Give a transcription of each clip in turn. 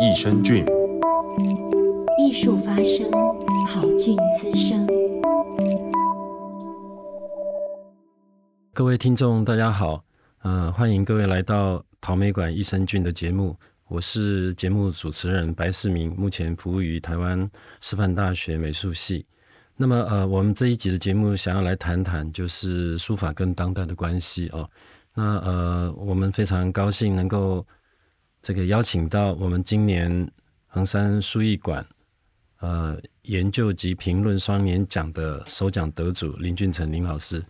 益生菌。藝術發生，好菌滋生。各位聽眾，大家好，呃，歡迎各位來到桃美館益生菌的節目。我是節目主持人白適銘，目前服務於台灣師範大學美術系。那麼，呃，我們這一集的節目想要來談談，就是書法跟當代的關係哦。那呃，我們非常高興能夠這個邀請到我們今年橫山書藝館呃研究及評論雙年獎的首獎得主林俊臣林老師。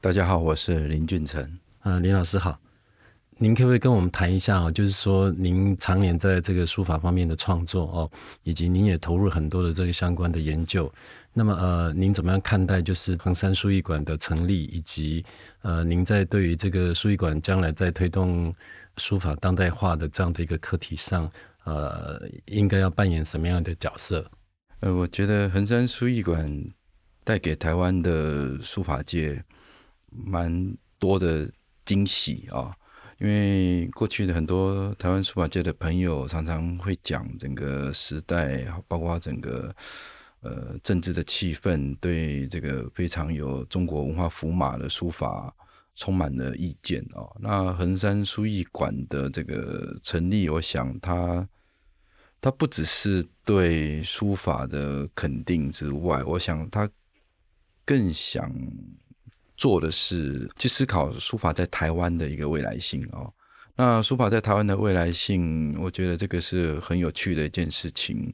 大家好，我是林俊臣。啊、呃，林老師好，您可不可以跟我們談一下啊？就是說，您常年在這個書法方面的創作哦，以及您也投入很多的這個相關的研究。那麼呃，您怎麼樣看待就是橫山書藝館的成立，以及呃，您在對於這個書藝館將來在推動書法當代化的這樣的一個課題上，呃，應該要扮演什麼樣的角色？呃，我覺得橫山書藝館帶給台灣的書法界蠻多的驚喜啊，因為過去的很多台灣書法界的朋友常常會講整個時代，包括整個。呃，政治的氣氛對這個非常有中國文化符碼的書法充滿了意見哦。那橫山書藝館的這個成立，我想他他不只是對書法的肯定之外，我想他更想做的是去思考書法在台灣的一個未來性哦。那書法在台灣的未來性，我覺得這個是很有趣的一件事情。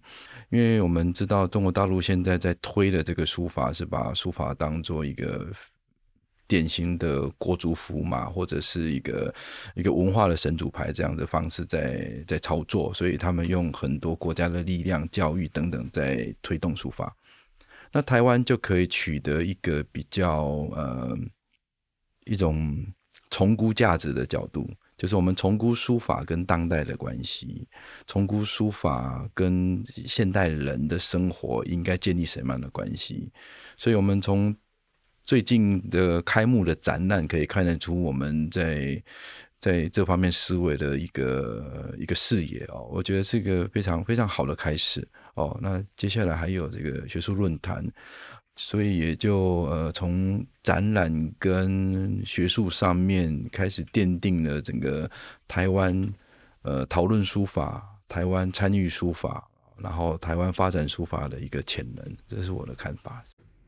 因為我們知道中國大陸現在在推的這個書法，是把書法當做一個典型的國族符號，或者是一個一個文化的神主牌這樣的方式在在操作，所以他們用很多國家的力量、教育等等在推動書法。那台灣就可以取得一個比較呃一種重估價值的角度。就是我們重估書法跟當代的關係，重估書法跟現代人的生活應該建立什麼樣的關係？所以，我們從最近的開幕的展覽可以看得出我們在在這方面思維的一個一個視野哦，我覺得是一個非常非常好的開始哦。那接下來還有這個學術論壇。所以也就呃，從展覽跟學術上面開始奠定了整個台灣呃討論書法、台灣參與書法，然後台灣發展書法的一個潛能。這是我的看法。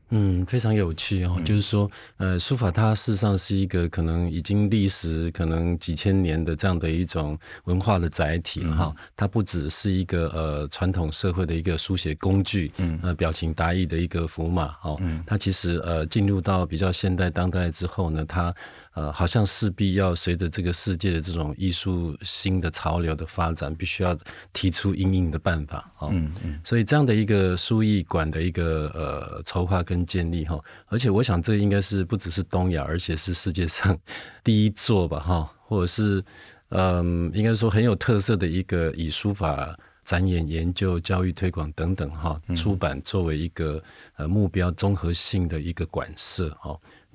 嗯，非常有趣哦、嗯。就是說，呃，書法它事實上是一個可能已經歷史可能幾千年的這樣的一種文化的載體哈、哦。它、嗯、不只是一個呃傳統社會的一個書寫工具，嗯，呃，表情達意的一個符碼。哦，它、嗯、其實呃進入到比較現代當代之後呢，它。呃，好像勢必要隨着這個世界的這種藝術新的潮流的發展，必須要提出因應的辦法、哦嗯嗯、所以這樣的一個書藝館的一個呃籌劃跟建立哈、哦，而且我想這應該是不只是東亞，而且是世界上第一座吧哈、哦，或者是嗯、呃，應該說很有特色的一個以書法展演、研究、教育、推廣等等哈、哦嗯，出版作為一個呃目標綜合性的一個館舍。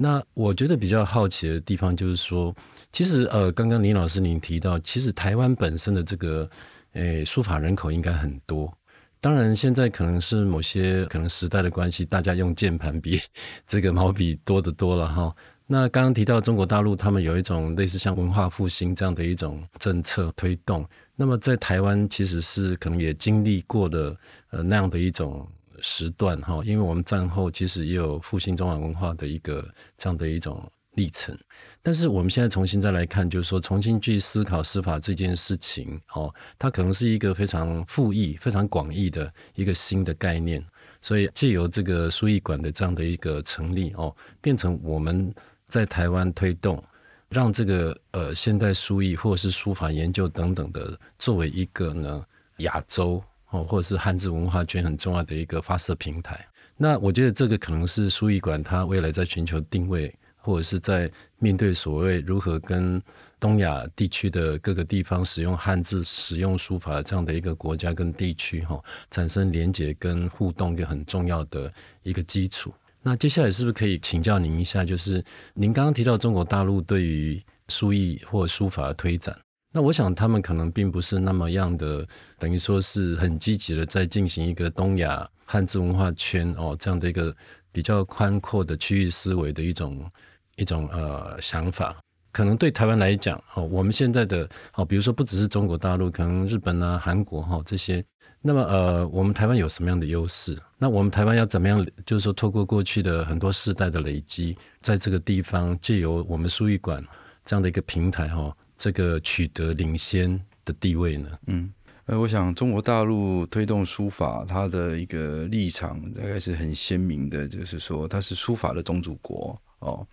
那我覺得比較好奇的地方就是說，其實呃，剛剛林老師您提到，其實台灣本身的這個誒書法人口應該很多，當然現在可能是某些可能時代的關係，大家用鍵盤比這個毛筆多得多了哈。那剛剛提到中國大陸他們有一種類似像文化復興這樣的一種政策推動，那麼在台灣其實是可能也經歷過的呃那樣的一種。時段哈，因為我們戰後其實也有復興中華文化的一個這樣的一種歷程，但是我們現在重新再來看，就是說重新去思考書法這件事情哦，它可能是一個非常複義、非常廣義的一個新的概念，所以借由這個書藝館的這樣的一個成立哦，變成我們在台灣推動，讓這個呃現代書藝或者是書法研究等等的，作為一個呢，亞洲。哦，或者是漢字文化圈很重要的一個發射平台。那我覺得這個可能是書藝館它未來在全球定位，或者是在面對所謂如何跟東亞地區的各個地方使用漢字、使用書法這樣的一個國家跟地區，哦，哈，產生連結跟互動一個很重要的一個基礎。那接下來是不是可以請教您一下，就是您剛剛提到中國大陸對於書藝或書法的推展，那我想，他們可能並不是那麼樣的，等於說是很積極的在進行一個東亞漢字文化圈哦這樣的一個比較寬闊的區域思維的一種一種呃想法。可能對台灣來講哦，我們現在的哦，比如說不只是中國大陸，可能日本啊、韓國哈、哦、這些，那麼呃，我們台灣有什麼樣的優勢？那我們台灣要怎麼樣？就是說，透過過去的很多世代的累積，在這個地方借由我們書藝館這樣的一個平台哈、哦。這個取得領先的地位呢？嗯，呃，我想中國大陸推動書法，它的一個立場大概是很鮮明的，就是說它是書法的宗主國哦。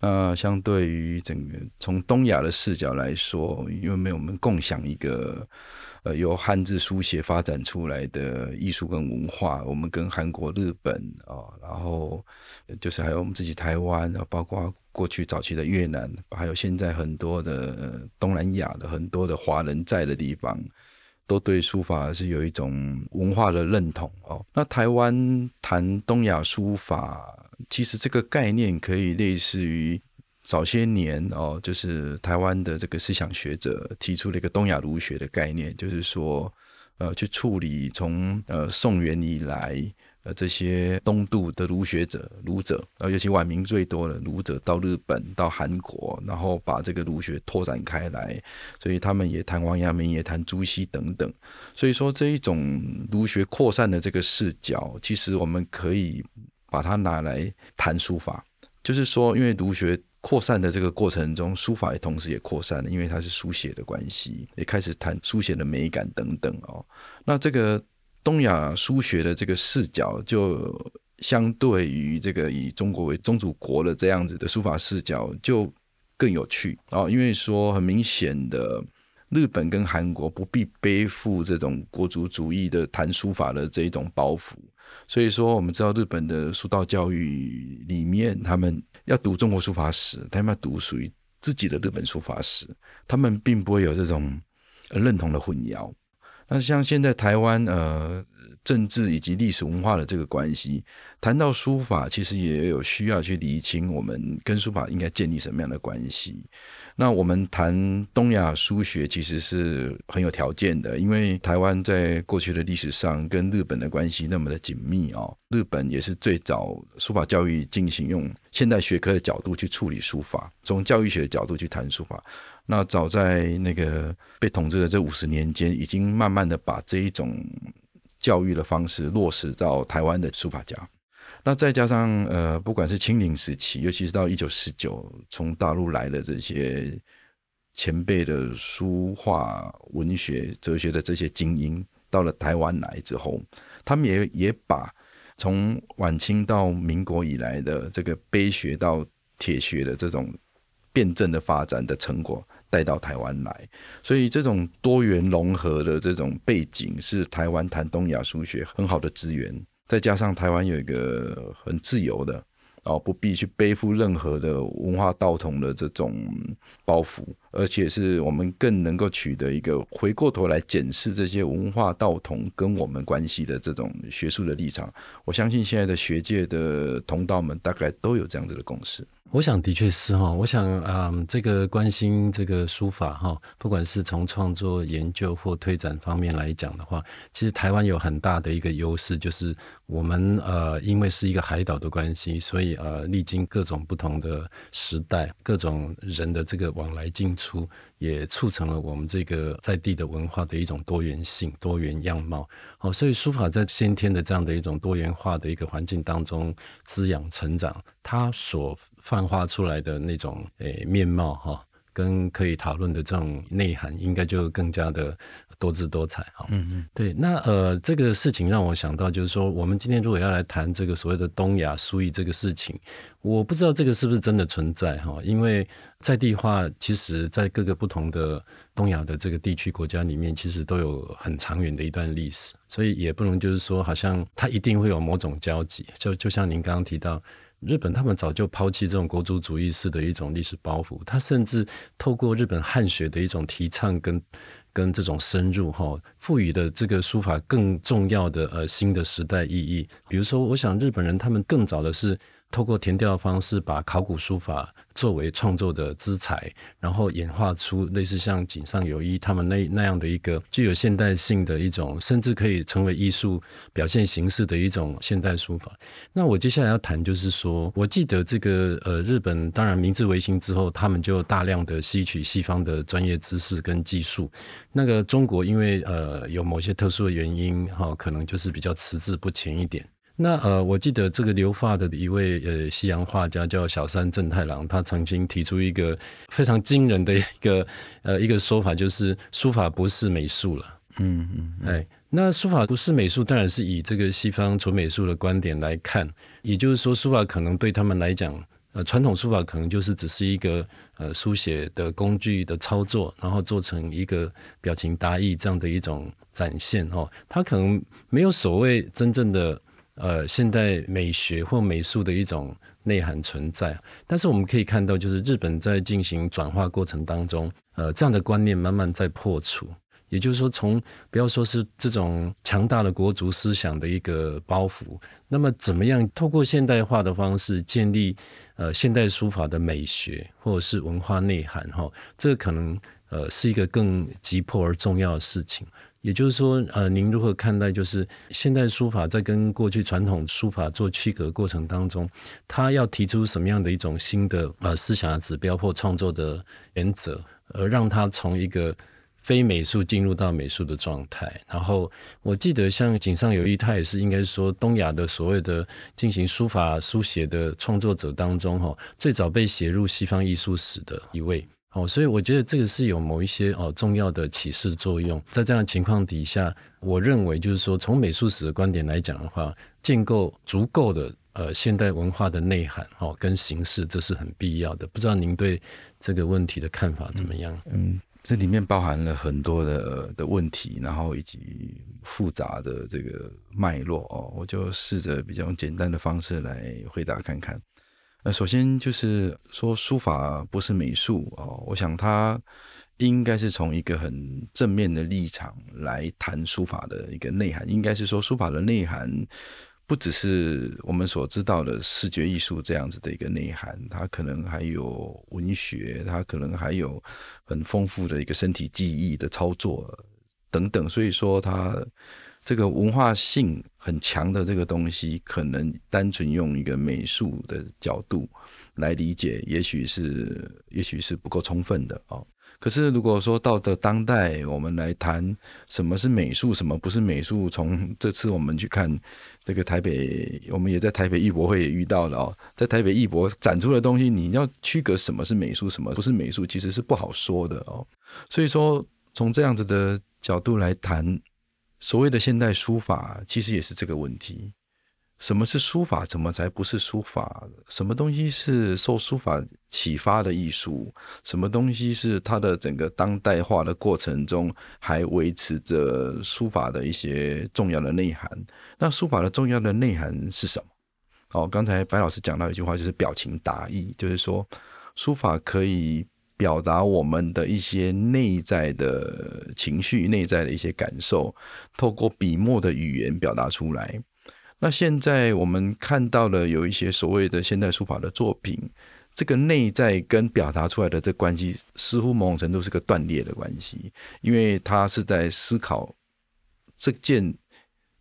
那相對於整個從東亞的視角來說，因為沒有我們共享一個。呃，由漢字書寫發展出來的藝術跟文化，我們跟韓國、日本啊、哦，然後就是還有我們自己台灣啊，包括過去早期的越南，還有現在很多的東南亞的很多的華人在的地方，都對書法是有一種文化的認同哦。那台灣談東亞書法，其實這個概念，可以類似於。早些年哦，就是臺灣的這個思想學者提出了一個東亞儒學的概念，就是說，呃，去處理從呃宋元以來呃這些東渡的儒學者、儒者，尤其晚明最多的儒者到日本、到韓國，然後把這個儒學拓展開來，所以他們也談王陽明，也談朱熹等等。所以說，這一種儒學擴散的這個視角，其實我們可以把它拿來談書法，就是說，因為儒學。擴散的這個過程中，書法也同時也擴散了，因為它是書寫的關係，也開始談書寫的美感等等哦。那這個東亞書學的這個視角，就相對於這個以中國為宗主國的這樣子的書法視角，就更有趣哦。因為說很明顯的，日本跟韓國不必背負這種國族主義的談書法的這一種包袱，所以說我們知道日本的書道教育裡面，他們要讀中國書法史，他們要讀屬於自己的日本書法史，他們並不會有這種認同的混淆。那像現在台灣，呃。政治以及歷史文化的這個關係，談到書法，其實也有需要去理清我們跟書法應該建立什麼樣的關係。那我們談東亞書學，其實是很有條件的，因為台灣在過去的歷史上跟日本的關係那麼的緊密哦，日本也是最早書法教育進行用現代學科的角度去處理書法，從教育學的角度去談書法。那早在那個被統治的這五十年間，已經慢慢的把這一種。教育的方式落實到台灣的書法家，那再加上呃，不管是清領時期，尤其是到一九四九從大陸來的這些前輩的書畫、文學、哲學的這些精英，到了台灣來之後，他們也也把從晚清到民國以來的這個碑學到帖學的這種辯證的發展的成果，帶到台灣來，所以這種多元融合的這種背景是台灣談東亞書學很好的資源，再加上台灣有一個很自由的，然後不必去背負任何的文化道統的這種包袱。而且是我們更能夠取得一個回過頭來檢視這些文化道統跟我們關係的這種學術的立場，我相信現在的學界的同道們大概都有這樣子的共識。我想的確是哈，我想啊、嗯，這個關心這個書法哈，不管是從創作、研究或推展方面來講的話，其實台灣有很大的一個優勢，就是我們呃，因為是一個海島的關係，所以呃，歷經各種不同的時代、各種人的這個往來進出。出也促成了我們這個在地的文化的一種多元性、多元樣貌。好，所以書法在先天的這樣的一種多元化的一個環境當中滋養成長，它所泛化出來的那種誒、哎、面貌哈。哦跟可以討論的這種內涵，應該就更加的多姿多彩哈。嗯嗯，對。那呃，這個事情讓我想到，就是說，我們今天如果要來談這個所謂的東亞書藝這個事情，我不知道這個是不是真的存在哈。因為在地化，其實在各個不同的東亞的這個地區國家裡面，其實都有很長遠的一段歷史，所以也不能就是說，好像它一定會有某種交集。就就像您剛剛提到。日本他們早就拋棄這種國族主義式的一種歷史包袱，他甚至透過日本漢學的一種提倡跟跟這種深入哈，賦予的這個書法更重要的呃新的時代意義。比如說，我想日本人他們更早的是透過田調的方式把考古書法。作為創作的資材，然後演化出類似像井上有一他們那那樣的一個具有現代性的一種，甚至可以成為藝術表現形式的一種現代書法。那我接下來要談就是說，我記得這個呃，日本當然明治維新之後，他們就大量的吸取西方的專業知識跟技術。那個中國因為呃有某些特殊的原因哈、哦，可能就是比較遲滯不前一點。那呃，我記得這個留法的一位呃西洋畫家叫小山正太郎，他曾經提出一個非常驚人的一個呃一個說法，就是書法不是美術了。嗯，嗯嗯，哎，那書法不是美術，當然是以這個西方純美術的觀點來看，也就是說，書法可能對他們來講，呃，傳統書法可能就是只是一個呃書寫的工具的操作，然後做成一個表情達意這樣的一種展現哦，他可能沒有所謂真正的。呃，現代美學或美術的一種內涵存在，但是我們可以看到，就是日本在進行轉化過程當中，呃，這樣的觀念慢慢在破除。也就是說，從不要說是這種強大的國族思想的一個包袱，那麼怎麼樣透過現代化的方式建立呃現代書法的美學或者是文化內涵？哈，這個可能呃是一個更急迫而重要的事情。也就是說，呃，您如何看待就是現代書法在跟過去傳統書法做區隔過程當中，它要提出什麼樣的一種新的呃思想指標或創作的原則，而讓它從一個非美術進入到美術的狀態？然後我記得像井上有一，他也是應該說東亞的所謂的進行書法書寫的創作者當中，哈，最早被寫入西方藝術史的一位。哦，所以我覺得這個是有某一些哦重要的啟示作用。在這樣的情況底下，我認為就是說，從美術史的觀點來講的話，建構足夠的呃現代文化的內涵哦跟形式，這是很必要的。不知道您對這個問題的看法怎麼樣？嗯，嗯，這裡面包含了很多的的問題，然後以及複雜的這個脈絡哦，我就試着比較簡單的方式來回答看看。首先就是說，書法不是美術哦，我想它應該是從一個很正面的立場來談書法的一個內涵。應該是說，書法的內涵不只是我們所知道的視覺藝術這樣子的一個內涵，它可能還有文學，它可能還有很豐富的一個身體技藝的操作等等。所以說，它這個文化性很強的這個東西，可能單純用一個美術的角度來理解，也許是也許是不夠充分的啊、哦。可是如果說到的當代，我們來談什麼是美術，什麼不是美術，從這次我們去看這個台北，我們也在台北藝博會也遇到了啊、哦，在台北藝博展出的東西，你要區隔什麼是美術，什麼不是美術，其實是不好說的哦。所以說，從這樣子的角度來談。所謂的現代書法，其實也是這個問題：什麼是書法？怎麼才不是書法？什麼東西是受書法啟發的藝術？什麼東西是它的整個當代化的過程中還維持着書法的一些重要的內涵？那書法的重要的內涵是什麼？哦，剛才白老師講到一句話，就是“表情達意”，就是說書法可以。表達我們的一些內在的情緒、內在的一些感受，透過筆墨的語言表達出來。那現在我們看到了有一些所謂的現代書法的作品，這個內在跟表達出來的這關係，似乎某種程度是個斷裂的關係，因為他是在思考這件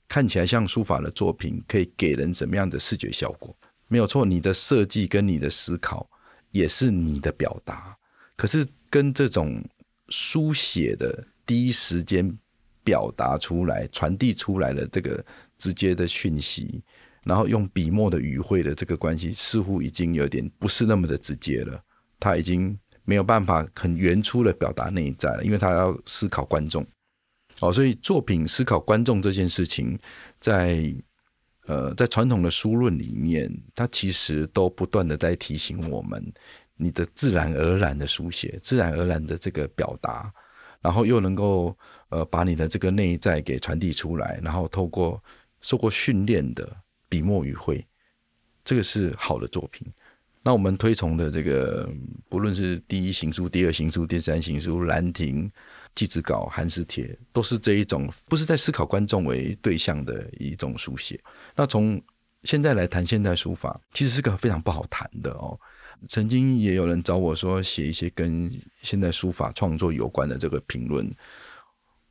看起來像書法的作品可以給人怎麼樣的視覺效果。沒有錯，你的設計跟你的思考也是你的表達。可是，跟這種書寫的第一時間表達出來、傳遞出來的這個直接的訊息，然後用筆墨的語彙的這個關係，似乎已經有點不是那麼的直接了。他已經沒有辦法很原初的表達內在了，因為他要思考觀眾。哦，所以作品思考觀眾這件事情，在呃，在傳統的書論裡面，它其實都不斷地在提醒我們。你的自然而然的書寫，自然而然的這個表達，然後又能夠呃把你的這個內在給傳遞出來，然後透過受過訓練的筆墨與揮，這個是好的作品。那我們推崇的這個，不論是第一行書、第二行書、第三行書，《蘭亭》《祭姪稿》《寒食帖》，都是這一種不是在思考觀眾為對象的一種書寫。那從現在來談現代書法，其實是個非常不好談的哦。曾經也有人找我說，寫一些跟現代書法創作有關的這個評論，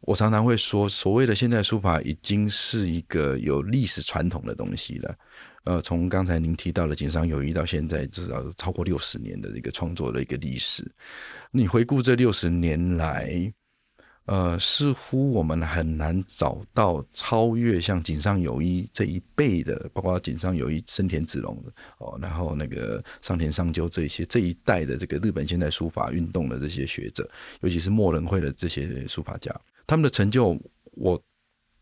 我常常會說，所謂的現代書法已經是一個有歷史傳統的東西了。呃，從剛才您提到的井上有一到現在，至少超過六十年的一個創作的一個歷史。你回顧這六十年來。呃，似乎我們很難找到超越像井上有一這一輩的，包括井上有一、森田子龍的哦，然後那個上田桑鳩這些這一代的這個日本現代書法運動的這些學者，尤其是墨人會的這些書法家，他們的成就，我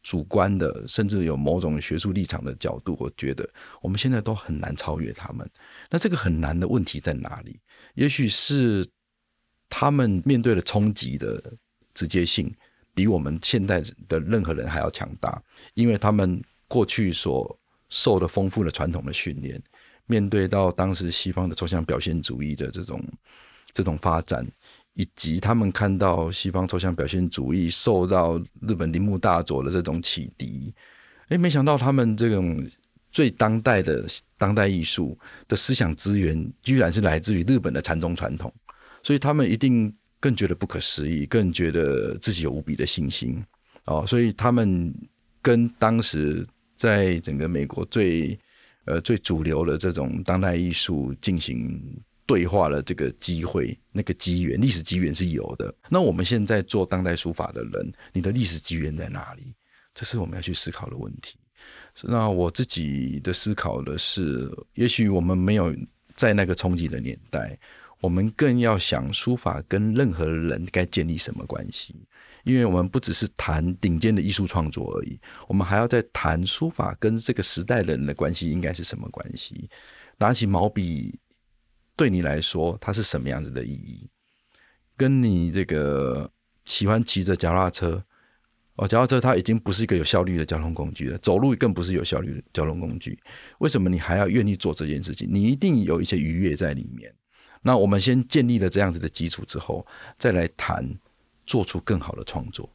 主觀的，甚至有某種學術立場的角度，我覺得我們現在都很難超越他們。那這個很難的問題在哪裡？也許是他們面對的衝擊的。直接性比我們現代的任何人還要強大，因為他們過去所受的豐富的傳統的訓練，面對到當時西方的抽象表現主義的這種這種發展，以及他們看到西方抽象表現主義受到日本鈴木大佐的這種啟迪，誒，沒想到他們這種最當代的當代藝術的思想資源，居然是來自於日本的禪宗傳統，所以他們一定。更覺得不可思議，更覺得自己有無比的信心啊、哦！所以他們跟當時在整個美國最呃最主流的這種當代藝術進行對話的這個機會、那個機緣、歷史機緣是有的。那我們現在做當代書法的人，你的歷史機緣在哪裡？這是我們要去思考的問題。那我自己的思考的是，也許我們沒有在那個衝擊的年代。我們更要想書法跟任何人該建立什麼關係，因為我們不只是談頂尖的藝術創作而已，我們還要在談書法跟這個時代的人的關係應該是什麼關係。拿起毛筆對你來說，它是什麼樣子的意義？跟你這個喜歡騎着腳踏車，哦，腳踏車它已經不是一個有效率的交通工具了，走路更不是有效率的交通工具。為什麼你還要願意做這件事情？你一定有一些愉悅在裡面。那我們先建立了這樣子的基礎之後，再來談做出更好的創作。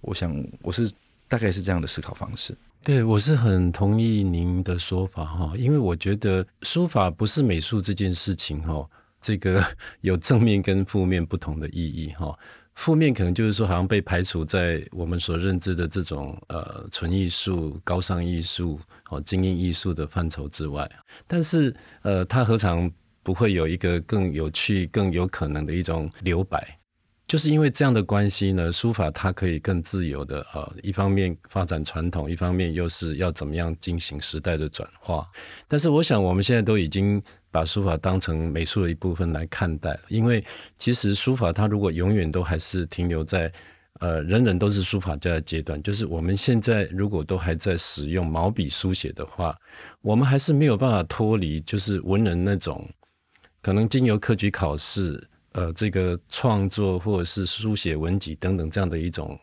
我想我是大概是這樣的思考方式。對，我是很同意您的說法哈，因為我覺得書法不是美術這件事情哈，這個有正面跟負面不同的意義哈。負面可能就是說，好像被排除在我們所認知的這種呃純藝術、高尚藝術、哦精英藝術的範疇之外。但是呃，它何嘗不會有一個更有趣，更有可能的一種留白，就是因為這樣的關係呢，書法它可以更自由的啊，呃，一方面發展傳統，一方面又是要怎麼樣進行時代的轉化。但是，我想我們現在都已經把書法當成美術的一部分來看待，因為其實書法它如果永遠都還是停留在呃，人人都是書法家的階段，就是我們現在如果都還在使用毛筆書寫的話，我們還是沒有辦法脫離就是文人那種。可能經由科舉考試，呃，這個創作或者是書寫文集等等這樣的一種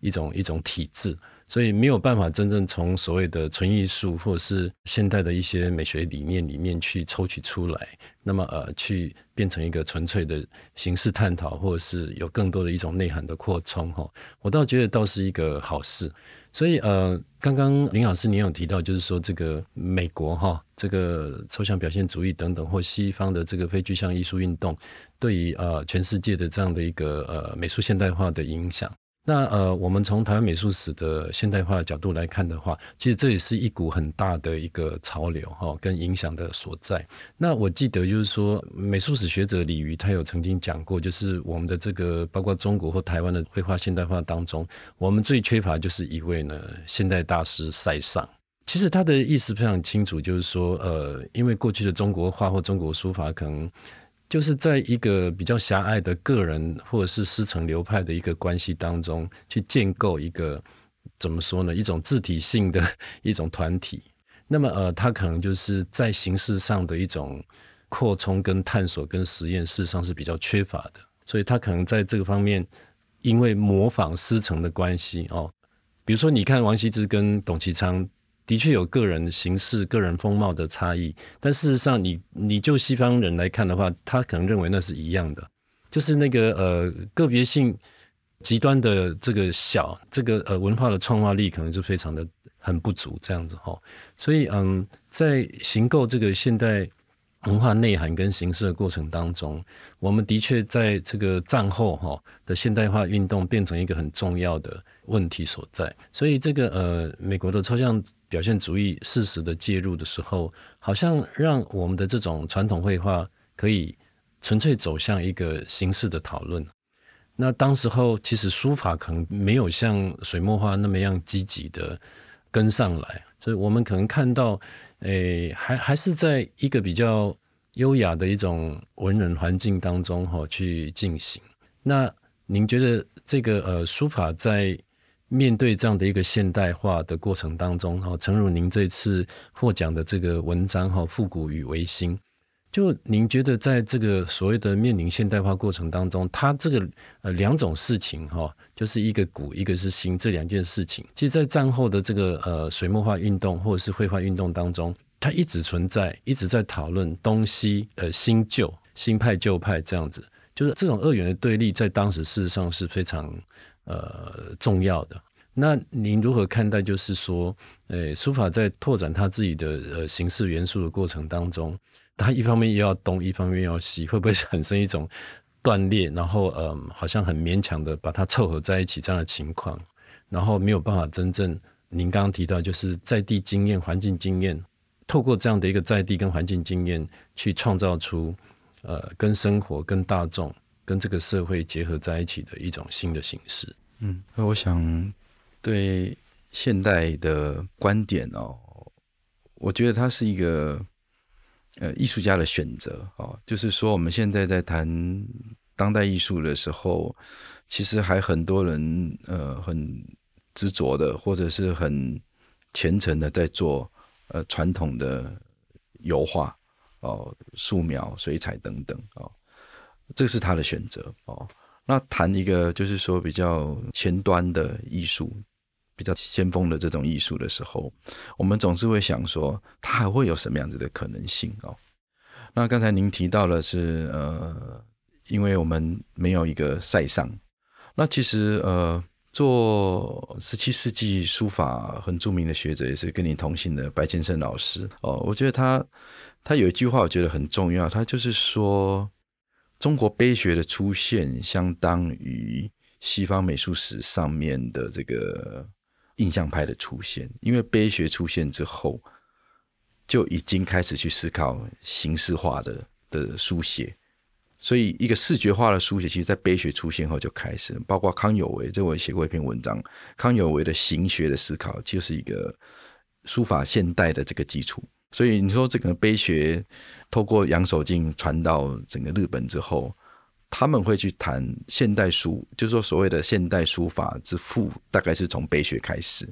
一種一種體制。所以沒有辦法真正從所謂的純藝術或者是現代的一些美學理念裡面去抽取出來，那麼呃，去變成一個純粹的形式探討，或者是有更多的一種內涵的擴充哈。我倒覺得倒是一個好事。所以呃，剛剛林老師您有提到，就是說這個美國哈，這個抽象表現主義等等，或西方的這個非具象藝術運動，對於呃，全世界的這樣的一個呃美術現代化的影響。那呃，我們從台灣美術史的現代化角度來看的話，其實這也是一股很大的一個潮流哈，跟影響的所在。那我記得就是說，美術史學者李瑜他有曾經講過，就是我們的這個包括中國或台灣的繪畫現代化當中，我們最缺乏就是一位呢現代大師塞尚。其實他的意思非常清楚，就是說呃，因為過去的中國畫或中國書法可能。就是在一個比較狹隘的個人或者是師承流派的一個關係當中，去建構一個怎麼說呢？一種自體性的一種團體。那麼呃，他可能就是在形式上的一種擴充、跟探索、跟實驗，事實上是比較缺乏的。所以他可能在這個方面，因為模仿師承的關係哦，比如說你看王羲之跟董其昌。的確有個人形式、個人風貌的差異，但事實上，你你就西方人來看的話，他可能認為那是一樣的，就是那個呃個別性極端的這個小，這個呃文化的創化力可能就非常的很不足這樣子哈。所以嗯，在形構這個現代文化內涵跟形式的過程當中，我們的確在這個戰後哈的現代化運動變成一個很重要的問題所在。所以這個呃美國的抽象表現主義事實的介入的時候，好像讓我們的這種傳統繪畫可以純粹走向一個形式的討論。那當時候，其實書法可能沒有像水墨畫那麼樣積極的跟上來，所以我們可能看到，誒，還還是在一個比較優雅的一種文人環境當中哈去進行。那您覺得這個呃書法在面對這樣的一個現代化的過程當中，哈，誠如您這次獲獎的這個文章，哈，復古與維新，就您覺得在這個所謂的面臨現代化過程當中，它這個呃兩種事情，哈、哦，就是一個古，一個是新，這兩件事情，其實，在戰後的這個呃水墨畫運動或者是繪畫運動當中，它一直存在，一直在討論東西，呃，新舊、新派舊派這樣子，就是這種二元的對立，在當時事實上是非常。呃，重要的。那您如何看待？就是說，呃、欸，書法在拓展它自己的呃形式元素的過程當中，它一方面又要東，一方面要西，會不會產生一種斷裂？然後，嗯、呃，好像很勉強的把它湊合在一起這樣的情況，然後沒有辦法真正。您剛剛提到，就是在地經驗、環境經驗，透過這樣的一個在地跟環境經驗，去創造出呃，跟生活、跟大眾。跟這個社會結合在一起的一種新的形式。嗯，那我想對現代的觀點哦，我覺得它是一個呃藝術家的選擇哦，就是說我們現在在談當代藝術的時候，其實還很多人呃很執着的或者是很虔誠的在做呃傳統的油畫、哦素描、水彩等等，哦。這是他的選擇哦。那談一個就是說比較前端的藝術，比較先鋒的這種藝術的時候，我們總是會想說，它還會有什麼樣子的可能性哦？那剛才您提到的是，呃，因為我們沒有一個塞尚。那其實呃，做十七世紀書法很著名的學者也是跟你同姓的白謙慎老師哦，我覺得他他有一句話我覺得很重要，他就是說。中國碑學的出現，相當於西方美術史上面的這個印象派的出現。因為碑學出現之後，就已經開始去思考形式化的的書寫，所以一個視覺化的書寫，其實，在碑學出現後就開始。包括康有為，這我也寫過一篇文章，康有為的形學的思考，就是一個書法現代的這個基礎。所以你說這個碑學，透過楊守敬傳到整個日本之後，他們會去談現代書，就是說所謂的現代書法之父，大概是從碑學開始。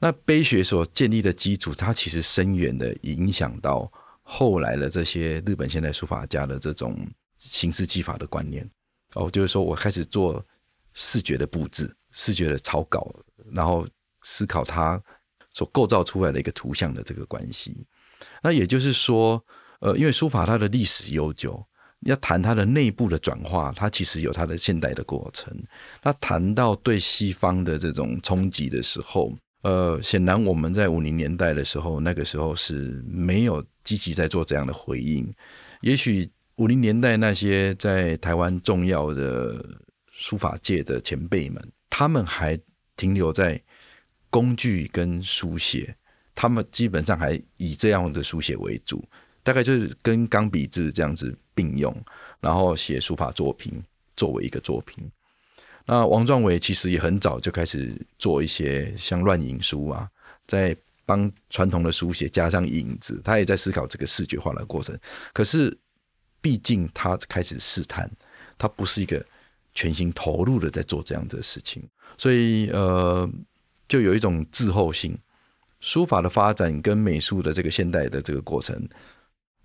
那碑學所建立的基礎，它其實深遠地影響到後來的這些日本現代書法家的這種形式技法的觀念。哦，就是說我開始做視覺的佈置、視覺的草稿，然後思考它所構造出來的一個圖像的這個關係。那也就是說，呃，因為書法它的歷史悠久，要談它的內部的轉化，它其實有它的現代的過程。那談到對西方的這種衝擊的時候，呃，顯然我們在五零年代的時候，那個時候是沒有積極在做這樣的回應。也許五零年代那些在台灣重要的書法界的前輩們，他們還停留在工具跟書寫。他們基本上還以這樣的書寫為主，大概就是跟鋼筆字這樣子並用，然後寫書法作品作為一個作品。那王壯偉其實也很早就開始做一些像亂影書啊，在幫傳統的書寫加上影子，他也在思考這個視覺化的過程。可是，畢竟他開始試探，他不是一個全心投入的在做這樣的事情，所以呃，就有一種滯後性。書法的發展跟美術的這個現代的這個過程，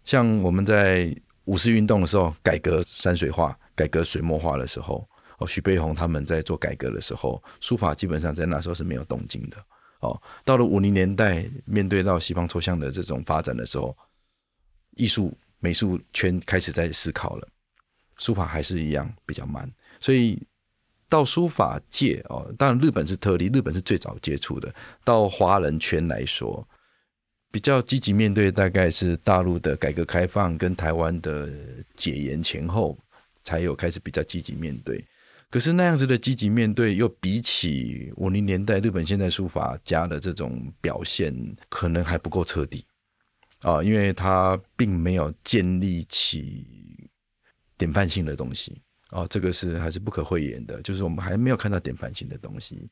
像我們在五四運動的時候改革山水畫、改革水墨畫的時候，哦，徐悲鴻他們在做改革的時候，書法基本上在那時候是沒有動靜的。哦，到了五零年代，面對到西方抽象的這種發展的時候，藝術美術圈開始在思考了，書法還是一樣比較慢，所以。到書法界哦，當然日本是特例，日本是最早接觸的。到華人圈來說，比較積極面對，大概是大陸的改革開放跟台灣的解嚴前後，才有開始比較積極面對。可是那樣子的積極面對，又比起五零年代日本現代書法家的這種表現，可能還不夠徹底啊，因為他並沒有建立起典範性的東西。哦，這個是還是不可諱言的，就是我們還沒有看到典範性的東西。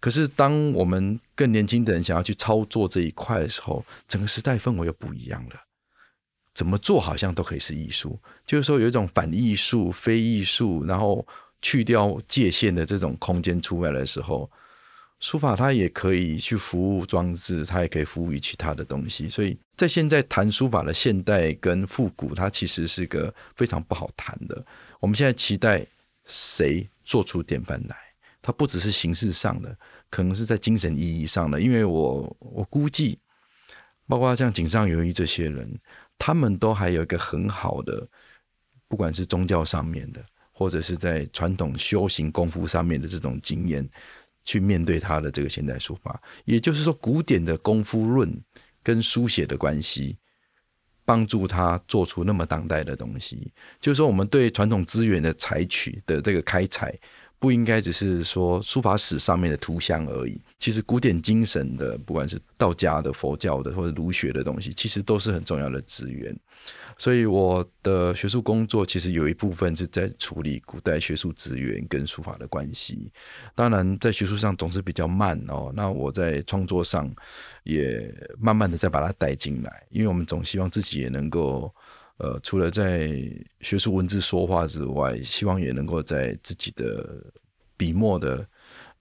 可是，當我們更年輕的人想要去操作這一塊的時候，整個時代氛圍又不一樣了。怎麼做好像都可以是藝術，就是說有一種反藝術、非藝術，然後去掉界限的這種空間出來的時候，書法它也可以去服務裝置，它也可以服務於其他的東西。所以在現在談書法的現代跟復古，它其實是個非常不好談的。我們現在期待誰做出典範來？他不只是形式上的，可能是在精神意義上的。因為我我估計，包括像井上有一這些人，他們都還有一個很好的，不管是宗教上面的，或者是在傳統修行功夫上面的這種經驗，去面對他的這個現代書法。也就是說，古典的功夫論跟書寫的關係。幫助他做出那麼當代的東西，就是說，我們對傳統資源的採取的這個開採。不應該只是說書法史上面的圖像而已。其實古典精神的，不管是道家的、佛教的或者儒學的東西，其實都是很重要的資源。所以我的學術工作其實有一部分是在處理古代學術資源跟書法的關係。當然，在學術上總是比較慢哦。那我在創作上也慢慢的再把它帶進來，因為我們總希望自己也能夠。呃，除了在學術文字說話之外，希望也能夠在自己的筆墨的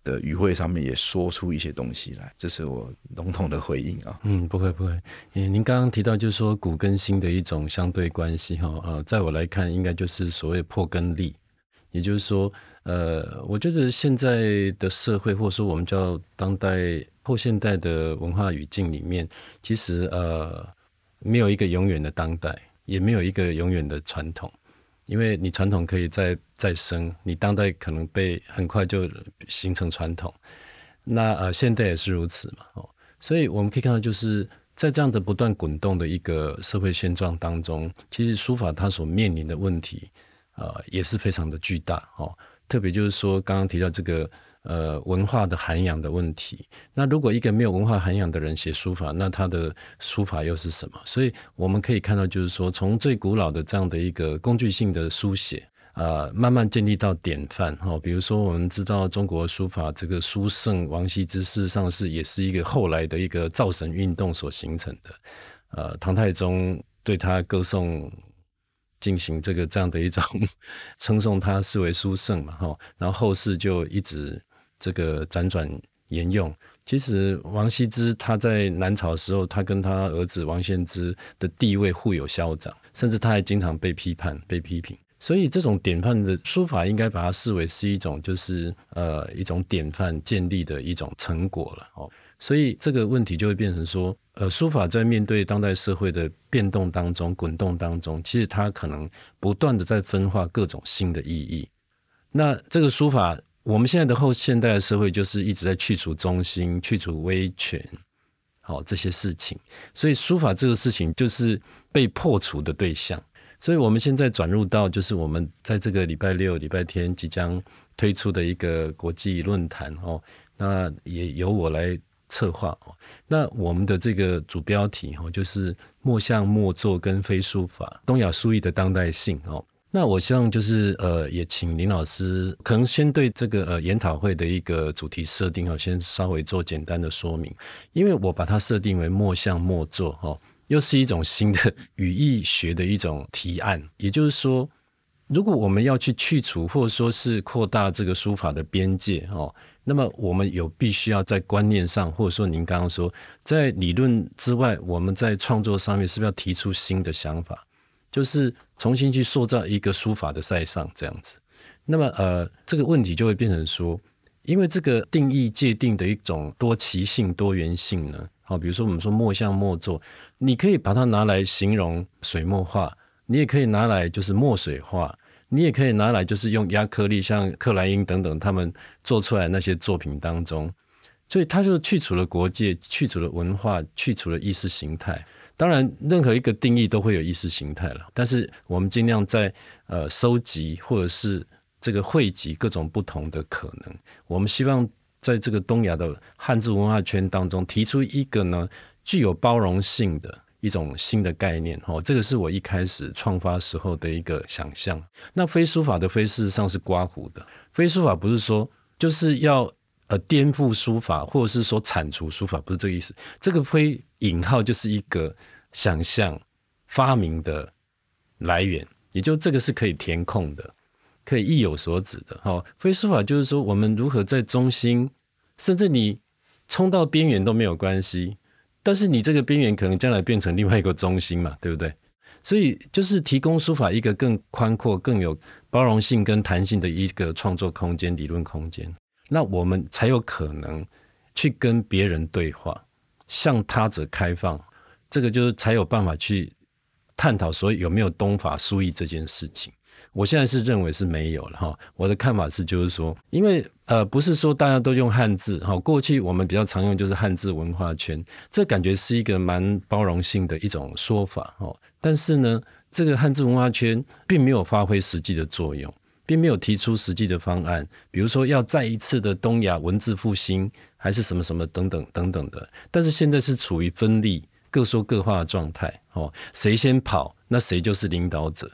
的語彙上面也說出一些東西來，這是我籠統的回應啊。嗯，不會不會、欸，您剛剛提到就是說古跟新的一種相對關係哈啊、呃，在我來看，應該就是所謂破跟立，也就是說，呃，我覺得現在的社會或者說我們叫當代後現代的文化語境裡面，其實呃，沒有一個永遠的當代。也沒有一個永遠的傳統，因為你傳統可以再再生，你當代可能被很快就形成傳統，那呃現代也是如此嘛，哦，所以我們可以看到，就是在這樣的不斷滾動的一個社會現狀當中，其實書法它所面臨的問題啊、呃、也是非常的巨大，哦、呃，特別就是說剛剛提到這個。呃，文化的涵養的問題。那如果一個沒有文化涵養的人寫書法，那他的書法又是什麼？所以我們可以看到，就是說，從最古老的這樣的一個工具性的書寫，啊、呃，慢慢建立到典範。哈、哦，比如說，我們知道中國書法這個書聖王羲之，事實上是也是一個後來的一個造神運動所形成的。呃，唐太宗對他歌頌，進行這個這樣的一種稱頌，他視為書聖嘛，哈、哦，然後後世就一直。這個輾轉沿用，其實王羲之他在南朝的時候，他跟他兒子王獻之的地位互有消長，甚至他還經常被批判、被批評。所以這種典範的書法，應該把它視為是一種，就是呃一種典範建立的一種成果了。哦，所以這個問題就會變成說，呃，書法在面對當代社會的變動當中、滾動當中，其實它可能不斷地在分化各種新的意義。那這個書法。我們現在的後現代的社會就是一直在去除中心、去除威權，好、哦、這些事情，所以書法這個事情就是被破除的對象。所以我們現在轉入到就是我們在這個禮拜六、禮拜天即將推出的一個國際論壇哦，那也由我來策劃哦。那我們的這個主標題哦，就是“墨象墨作跟非書法：東亞書藝的當代性”哦。那我希望就是呃，也請林老師可能先對這個呃研討會的一個主題設定哦，先稍微做簡單的說明。因為我把它設定為“墨象墨作”哦，又是一種新的語義學的一種提案。也就是說，如果我們要去去除或者說是擴大這個書法的邊界哦，那麼我們有必須要在觀念上，或者說您剛剛說在理論之外，我們在創作上面是不是要提出新的想法？就是重新去塑造一個書法的賽上這樣子，那麼呃這個問題就會變成說，因為這個定義界定的一種多歧性、多元性呢，好、哦，比如說我們說墨象墨作，你可以把它拿來形容水墨畫，你也可以拿來就是墨水畫，你也可以拿來就是用亞克力，像克萊因等等他們做出來那些作品當中，所以它就是去除了國界，去除了文化，去除了意識形態。當然，任何一個定義都會有意識形態了。但是我們盡量在呃收集或者是這個彙集各種不同的可能。我們希望在這個東亞的漢字文化圈當中提出一個呢具有包容性的一種新的概念。哦，這個是我一開始創發時候的一個想象。那非書法的非，事實上是括弧的。非書法不是說就是要。呃，顛覆書法，或者是說鏟除書法，不是這個意思。這個非引號就是一個想象發明的來源，也就是這個是可以填空的，可以意有所指的。好，非書法就是說，我們如何在中心，甚至你衝到邊緣都沒有關係，但是你這個邊緣可能將來變成另外一個中心嘛，對不對？所以就是提供書法一個更寬闊、更有包容性跟彈性的一個創作空間、理論空間。那我們才有可能去跟別人對話，向他者開放，這個就是才有辦法去探討，所以有沒有東亞書藝這件事情？我現在是認為是沒有了哈。我的看法是，就是說，因為呃，不是說大家都用漢字哈。過去我們比較常用就是漢字文化圈，這感覺是一個蠻包容性的一種說法哈，但是呢，這個漢字文化圈並沒有發揮實際的作用。並沒有提出實際的方案，比如說要再一次的東亞文字復興，還是什麼什麼等等等等的。但是現在是處於分立、各說各話的狀態。哦，誰先跑，那誰就是領導者。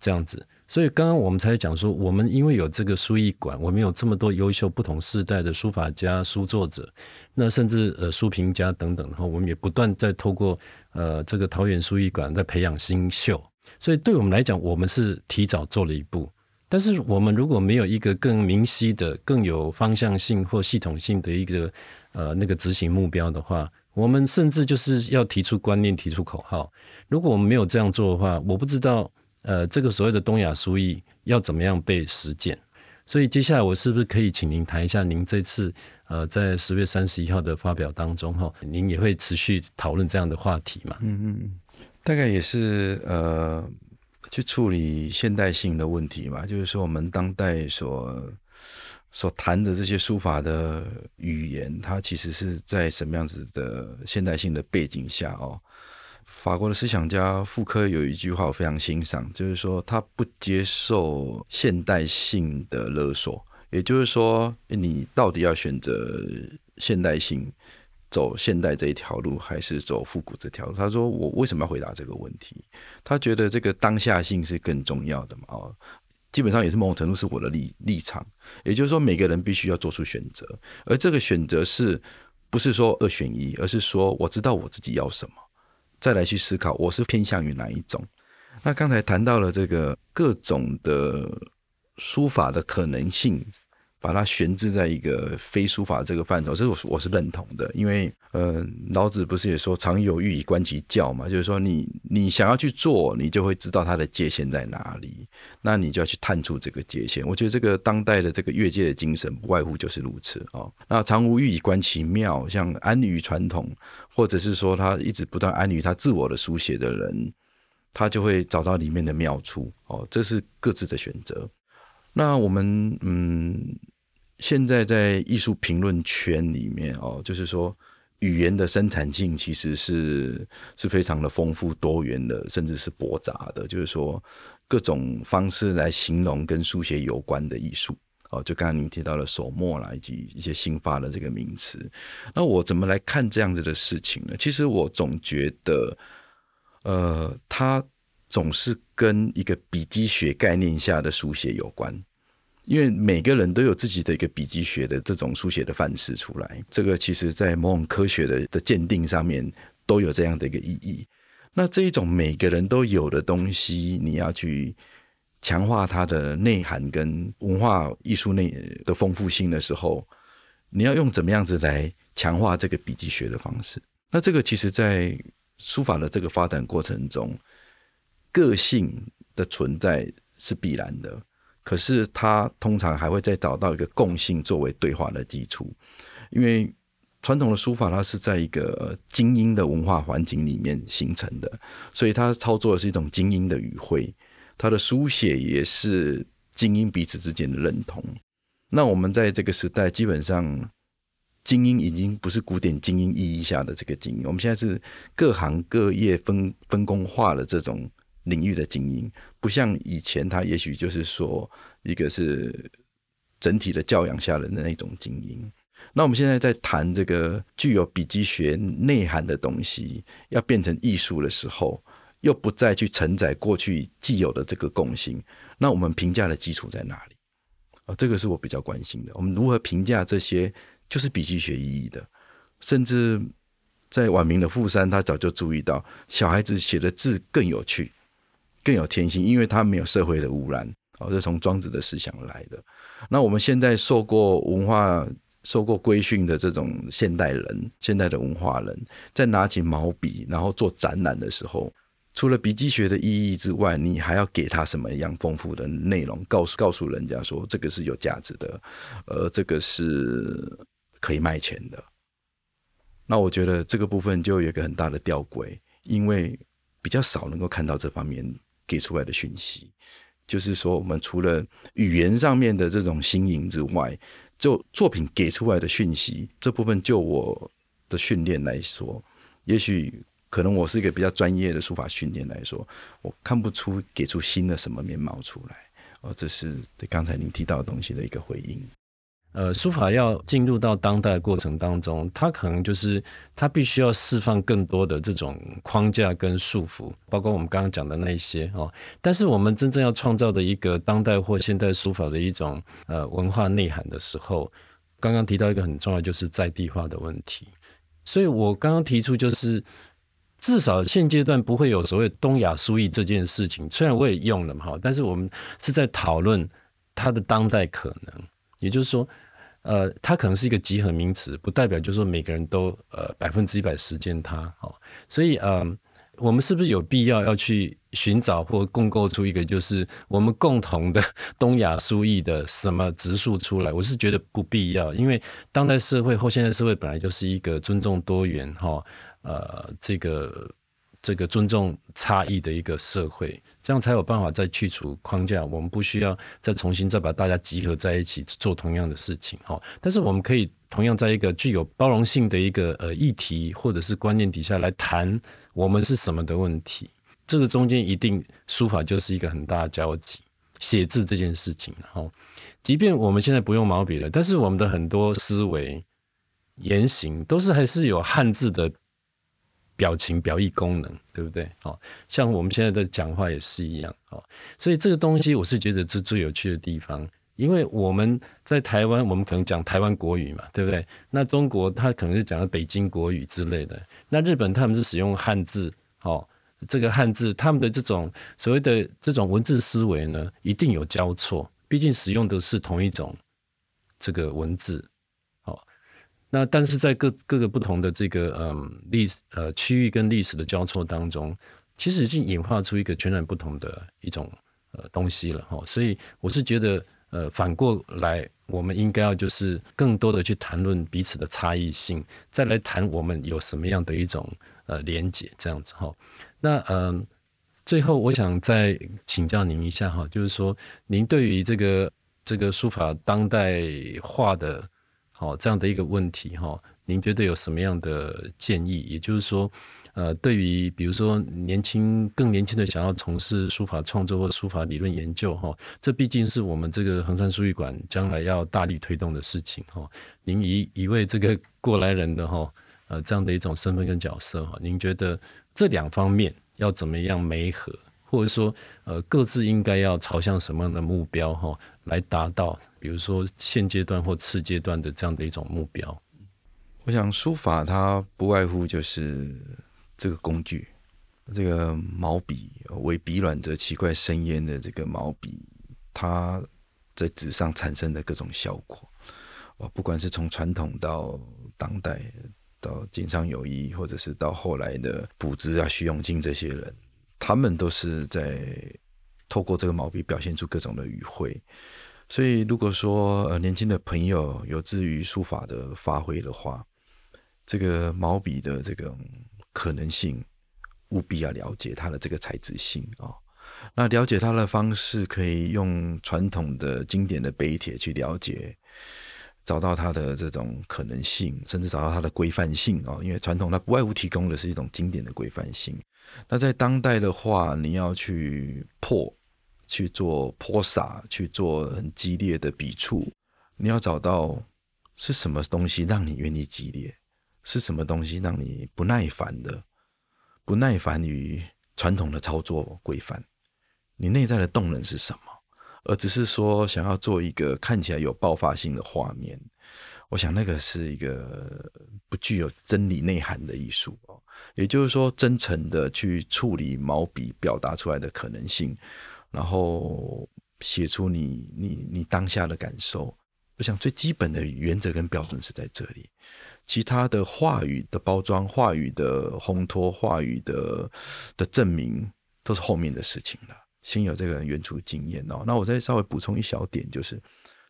這樣子，所以剛剛我們才講說，我們因為有這個書藝館，我們有這麼多優秀、不同世代的書法家、書作者，那甚至呃書評家等等，然後我們也不斷在透過呃這個桃園書藝館在培養新秀。所以對我們來講，我們是提早做了一步。但是我們如果沒有一個更明晰的、更有方向性或系統性的一個呃那個執行目標的話，我們甚至就是要提出觀念、提出口號。如果我們沒有這樣做的話，我不知道呃這個所謂的東亞書藝要怎麼樣被實踐。所以接下來我是不是可以請您談一下您這次呃在十月三十一號的發表當中哈，您也會持續討論這樣的話題嘛？嗯嗯，大概也是呃。去處理現代性的問題嘛，就是說我們當代所所談的這些書法的語言，它其實是在什麼樣子的現代性的背景下哦。法國的思想家傅柯有一句話我非常欣賞，就是說他不接受現代性的勒索，也就是說你到底要選擇現代性。走現代這一條路，還是走復古這條路？他說：“我為什麼要回答這個問題？他覺得這個當下性是更重要的嘛。哦，基本上也是某種程度是我的立立場。也就是說，每個人必須要做出選擇，而這個選擇是不是說二選一，而是說我知道我自己要什麼，再來去思考我是偏向於哪一種。那剛才談到了這個各種的書法的可能性。”把它懸置在一個非書法這個範疇，這是我我是認同的，因為呃，老子不是也說“常有欲以觀其徼”嘛，就是說你你想要去做，你就會知道它的界限在哪裡，那你就要去探出這個界限。我覺得這個當代的這個越界的精神，不外乎就是如此哦。那常無欲以觀其妙，像安於傳統，或者是說他一直不斷安於他自我的書寫的人，他就會找到裡面的妙處哦。這是各自的選擇。那我們嗯，現在在藝術評論圈裡面哦，就是說，語言的生產性其實是是非常的豐富多元的，甚至是駁雜的。就是說各種方式來形容跟書寫有關的藝術哦，就剛剛您提到的手墨啦，以及一些新發的這個名詞。那我怎麼來看這樣子的事情呢？其實我總覺得，呃，它總是跟一個筆跡學概念下的書寫有關。因為每個人都有自己的一個筆跡學的這種書寫的範式出來，這個其實在某種科學的的鑑定上面都有這樣的一個意義。那這一種每個人都有的東西，你要去強化它的內涵跟文化藝術內的豐富性的時候，你要用怎麼樣子來強化這個筆跡學的方式？那這個其實在書法的這個發展過程中，個性的存在是必然的。可是，他通常還會再找到一個共性，作為對話的基礎，因為傳統的書法它，是在一個精英的文化環境裡面形成的，所以它操作的是一種精英的語彙，它的書寫也是精英彼此之間的認同。那我們在這個時代，基本上精英已經不是古典精英意義下的這個精英，我們現在是各行各業分分工化的這種。領域的精英不像以前，他也許就是說，一個是整體的教養下人的那種精英。那我們現在在談這個具有筆跡學內涵的東西，要變成藝術的時候，又不再去承載過去既有的這個共性，那我們評價的基礎在哪裡？啊、哦，這個是我比較關心的。我們如何評價這些就是筆跡學意義的？甚至在晚明的傅山，他早就注意到小孩子寫的字更有趣。更有天性，因為他沒有社會的汙染，而、哦、是從莊子的思想來的。那我們現在受過文化、受過規訓的這種現代人、現代的文化人，在拿起毛筆然後做展覽的時候，除了筆記學的意義之外，你還要給他什麼樣豐富的內容？告訴告訴人家說這個是有價值的，呃，這個是可以賣錢的。那我覺得這個部分就有一個很大的吊詭，因為比較少能夠看到這方面。給出來的訊息，就是說，我們除了語言上面的這種新穎之外，就作品給出來的訊息這部分，就我的訓練來說，也許可能我是一個比較專業的書法訓練來說，我看不出給出新的什麼面貌出來。哦，這是對剛才您提到的東西的一個回應。呃，書法要進入到當代的過程當中，它可能就是它必須要釋放更多的這種框架跟束縛，包括我們剛剛講的那一些哦。但是我們真正要創造的一個當代或現代書法的一種呃文化內涵的時候，剛剛提到一個很重要，就是在地化的問題。所以我剛剛提出，就是至少現階段不會有所謂東亞書藝這件事情。雖然我也用了哈，但是我們是在討論它的當代可能，也就是說。呃，它可能是一個集合名詞，不代表就是說每個人都呃百分之一百實踐它哦。所以呃，我們是不是有必要要去尋找或共構出一個就是我們共同的東亞書藝的什麼植樹出來？我是覺得不必要，因為當代社會或現在社會本來就是一個尊重多元哈、哦、呃這個這個尊重差異的一個社會。這樣才有辦法再去除框架，我們不需要再重新再把大家集合在一起做同樣的事情哈。但是我們可以同樣在一個具有包容性的一個呃議題或者是觀念底下來談我們是什麼的問題。這個中間一定書法就是一個很大的交集，寫字這件事情哈。即便我們現在不用毛筆了，但是我們的很多思維、言行都是還是有漢字的。表情、表意功能，對不對？好，哦，像我們現在的講話也是一樣，哦，所以這個東西我是覺得是最有趣的地方，因為我們在台灣，我們可能講台灣國語嘛，對不對？那中國他可能是講的北京國語之類的，那日本他們是使用漢字，好，哦，這個漢字，他們的這種所謂的這種文字思維呢，一定有交錯，畢竟使用的是同一種這個文字。那但是在各各個不同的這個嗯歷史、呃區域跟歷史的交錯當中，其實已經演化出一個全然不同的一種呃東西了哈。所以我是覺得呃反過來，我們應該要就是更多的去談論彼此的差異性，再來談我們有什麼樣的一種呃連結這樣子哈。那嗯、呃，最後我想再請教您一下哈，就是說您對於這個這個書法當代化的。好，這樣的一個問題哈，您覺得有什麼樣的建議？也就是說，呃，對於比如說年輕、更年輕的想要從事書法創作或書法理論研究哈，這畢竟是我們這個橫山書藝館將來要大力推動的事情哈。您以一位這個過來人的哈，呃，這樣的一種身份跟角色哈，您覺得這兩方面要怎麼樣媒合，或者說呃各自應該要朝向什麼樣的目標哈？呃來達到，比如說現階段或次階段的這樣的一種目標。我想書法它不外乎就是這個工具，這個毛筆惟筆軟則奇怪生焉的這個毛筆，它在紙上產生的各種效果。哦，不管是從傳統到當代，到井上有一，或者是到後來的卜茲啊、徐永進這些人，他們都是在。透過這個毛筆表現出各種的語彙，所以如果說呃年輕的朋友有志於書法的發揮的話，這個毛筆的這個可能性務必要了解它的這個材質性啊、哦。那了解它的方式可以用傳統的經典的碑帖去了解，找到它的這種可能性，甚至找到它的規範性哦。因為傳統它不外乎提供的是一種經典的規範性。那在當代的話，你要去破。去做潑灑，去做很激烈的筆觸。你要找到是什麼東西讓你願意激烈，是什麼東西讓你不耐煩的？不耐煩於傳統的操作規範，你內在的動能是什麼？而只是說想要做一個看起來有爆發性的畫面，我想那個是一個不具有真理內涵的藝術。也就是說，真誠的去處理毛筆表達出來的可能性。然後寫出你你你當下的感受，我想最基本的原則跟標準是在這裡，其他的話語的包裝、話語的烘托、話語的的證明，都是後面的事情了。先有這個原初經驗哦。那我再稍微補充一小點，就是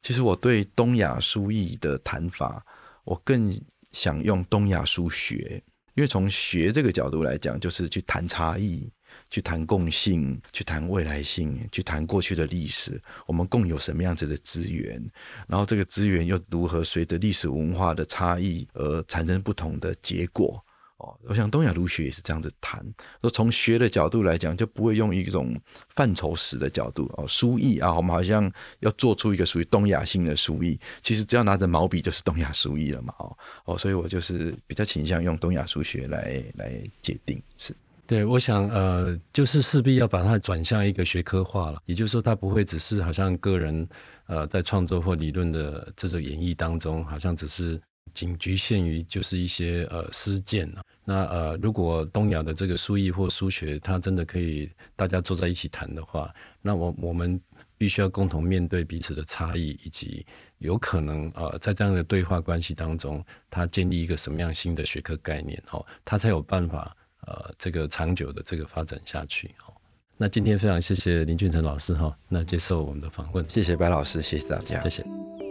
其實我對東亞書藝的談法，我更想用東亞書學，因為從學這個角度來講，就是去談差異。去談共性，去談未來性，去談過去的歷史，我們共有什麼樣子的資源？然後這個資源又如何隨着歷史文化的差異而產生不同的結果？哦，我想東亞儒學也是這樣子談。說從學的角度來講，就不會用一種範疇史的角度哦，書藝啊，我們好像要做出一個屬於東亞性的書藝，其實只要拿着毛筆就是東亞書藝了嘛，哦哦，所以我就是比較傾向用東亞書學來來界定是。對，我想，呃，就是勢必要把它轉向一個學科化了。也就是說，它不會只是好像個人，呃，在創作或理論的這種演繹當中，好像只是僅局限於就是一些呃事件、啊、那呃，如果東亞的這個書藝或書學，它真的可以大家坐在一起談的話，那我我們必須要共同面對彼此的差異，以及有可能呃，在這樣的對話關係當中，它建立一個什麼樣新的學科概念？哦，它才有辦法。呃，這個長久的這個發展下去，那今天非常謝謝林俊臣老師哈，那接受我們的訪問。謝謝白老師，謝謝大家，謝謝。